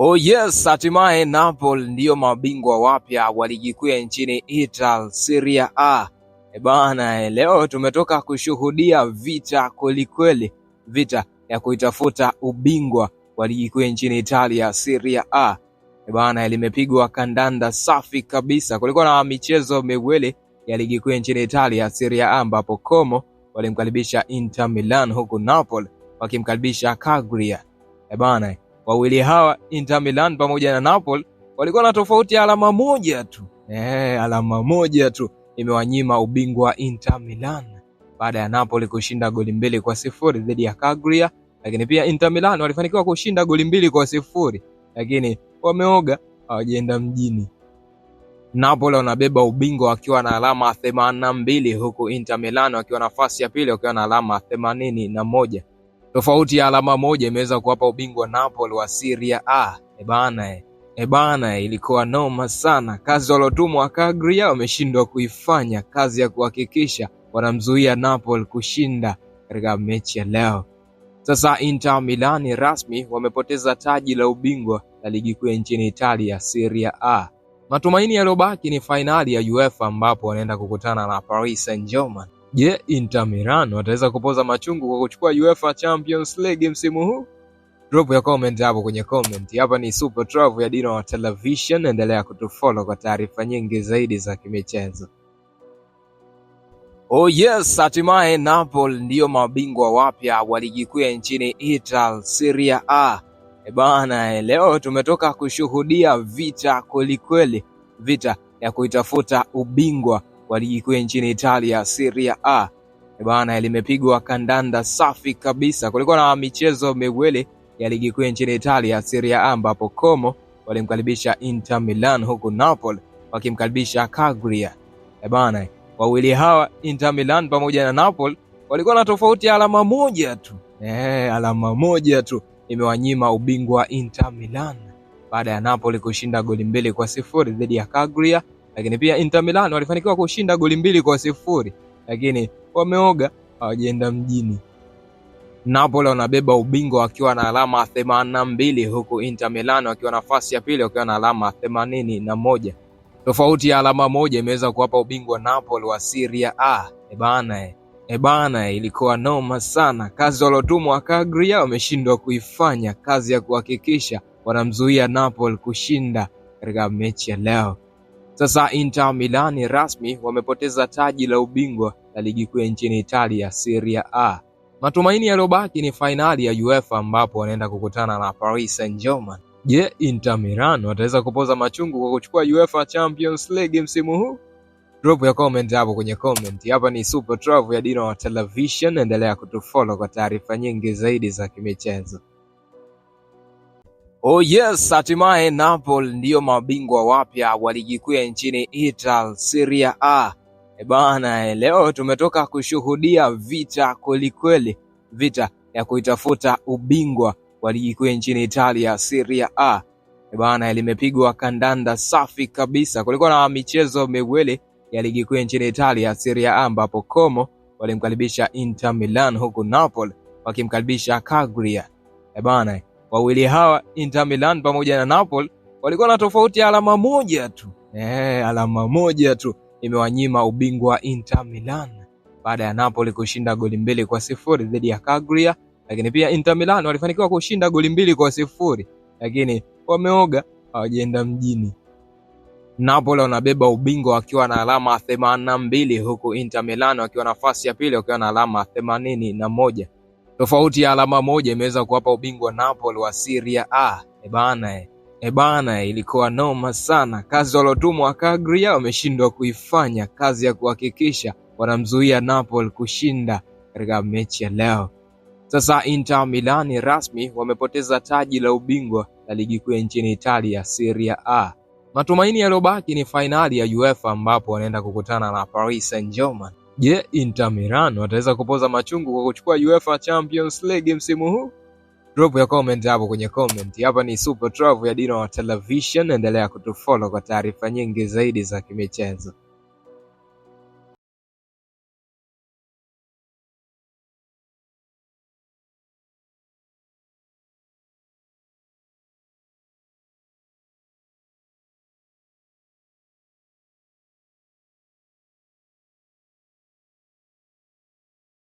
Oh yes, hatimaye Napoli ndiyo mabingwa wapya wa ligi kuu ya nchini Italia Serie A. E bana, eh, leo tumetoka kushuhudia vita kwelikweli, vita ya kuitafuta ubingwa wa ligi kuu ya nchini Italia Serie A. E bana, limepigwa kandanda safi kabisa. Kulikuwa na michezo miwili ya ligi kuu ya nchini Italia Serie A ambapo Como walimkaribisha Inter Milan huku Napoli wakimkaribisha Cagliari. E bana Wawili hawa Inter Milan pamoja na Napoli walikuwa na tofauti ya alama moja tu. Eh, alama moja tu imewanyima ubingwa Inter Milan baada ya Napoli kushinda goli mbili kwa sifuri dhidi ya Cagliari, lakini pia Inter Milan walifanikiwa kushinda goli mbili kwa sifuri lakini wameoga, hawajaenda mjini. Napoli wanabeba ubingwa wakiwa na alama mbili huku Inter Milan wakiwa nafasi ya pili wakiwa na alama moja. Tofauti ya alama moja imeweza kuwapa ubingwa Napoli wa Serie A. Ebana, eh ebana, eh ilikuwa noma sana. Kazi waliotumwa kagria wameshindwa kuifanya, kazi ya kuhakikisha wanamzuia Napoli kushinda katika mechi ya leo. Sasa Inter Milani rasmi wamepoteza taji la ubingwa la ligi kuu nchini Italia Serie A. Matumaini yaliyobaki ni fainali ya UEFA ambapo wanaenda kukutana na Paris Saint-Germain. Je, Inter Milan wataweza kupoza machungu kwa kuchukua UEFA Champions League msimu huu? Drop ya comment hapo kwenye comment. Hapa ni Super Travel ya Dino Television, endelea kutufollow kwa taarifa nyingi zaidi za kimichezo. Oh yes, hatimaye Napoli ndiyo mabingwa wapya wa ligi kuu ya nchini Italy, Serie A. E bana, leo tumetoka kushuhudia vita kwelikweli, vita ya kuitafuta ubingwa wa ligi kuu nchini Italia Serie A e Bwana, limepigwa kandanda safi kabisa. Kulikuwa na michezo miwili ya ligi kuu nchini Italia Serie A ambapo Como walimkaribisha Inter Milan huku Napoli wakimkaribisha Cagliari. E Bwana, wawili hawa Inter Milan pamoja na Napoli walikuwa na tofauti ya alama moja tu. Eh, alama moja tu imewanyima ubingwa Inter Milan baada ya Napoli kushinda goli mbili kwa sifuri dhidi ya Cagliari lakini pia Inter Milan walifanikiwa kushinda goli mbili kwa sifuri, lakini wameoga, hawajaenda mjini. Napoli wanabeba ubingwa wakiwa na alama themanini mbili huku Inter Milan wakiwa nafasi ya pili wakiwa na alama themanini na moja. Tofauti ya alama moja imeweza kuwapa ubingwa Napoli wa Serie A. Ebana, ebana, ilikuwa noma sana. Kazi waliotumwa Kagria wameshindwa kuifanya, kazi ya kuhakikisha wanamzuia Napoli kushinda katika mechi ya leo. Sasa Inter Milani rasmi wamepoteza taji la ubingwa la ligi kuu ya nchini Italia Serie A. Matumaini yaliyobaki ni fainali ya UEFA ambapo wanaenda kukutana na Paris Saint-Germain. Je, Inter Milan wataweza kupoza machungu kwa kuchukua UEFA Champions League msimu huu? Drop ya comment hapo kwenye comment. Hapa ni Super Trove ya Dino Television, endelea kutufollow kwa taarifa nyingi zaidi za kimichezo. Oh yes, hatimaye Napoli ndiyo mabingwa wapya wa ligi kuu ya nchini Italy, Serie A. E bana, eh, leo tumetoka kushuhudia vita kwelikweli, vita ya kuitafuta ubingwa wa ligi kuu ya nchini Italia Serie A. E bana, limepigwa kandanda safi kabisa. Kulikuwa na michezo miwili ya ligi kuu ya nchini Italia Serie A ambapo Como walimkaribisha Inter Milan huku Napoli wakimkaribisha Cagliari. E bana Wawili hawa Inter Milan pamoja na Napoli walikuwa na tofauti ya alama moja tu. Eh, alama moja tu imewanyima ubingwa Inter Milan baada ya Napoli kushinda goli mbili kwa sifuri dhidi ya Cagliari, lakini pia Inter Milan walifanikiwa kushinda goli mbili kwa sifuri lakini wameoga, hawajaenda mjini. Napoli wanabeba ubingwa wakiwa na alama 82 huku Inter Milan wakiwa nafasi ya pili wakiwa na alama 81. Tofauti ya alama moja imeweza kuwapa ubingwa Napoli wa Serie A. Ebana, eh ebana, eh. eh ilikuwa noma sana. Kazi waliotumwa Cagliari wameshindwa kuifanya, kazi ya kuhakikisha wanamzuia Napoli kushinda katika mechi ya leo. Sasa Inter Milani rasmi wamepoteza taji la ubingwa la ligi kuu nchini Italia Serie A. Matumaini yaliyobaki ni fainali ya UEFA ambapo wanaenda kukutana na Paris Saint-Germain. Je, Inter Milan wataweza kupoza machungu kwa kuchukua UEFA Champions League msimu huu? Drop ya comment hapo kwenye comment. Hapa ni Super Travel ya Dino wa Television, endelea kutufollow kwa taarifa nyingi zaidi za kimichezo.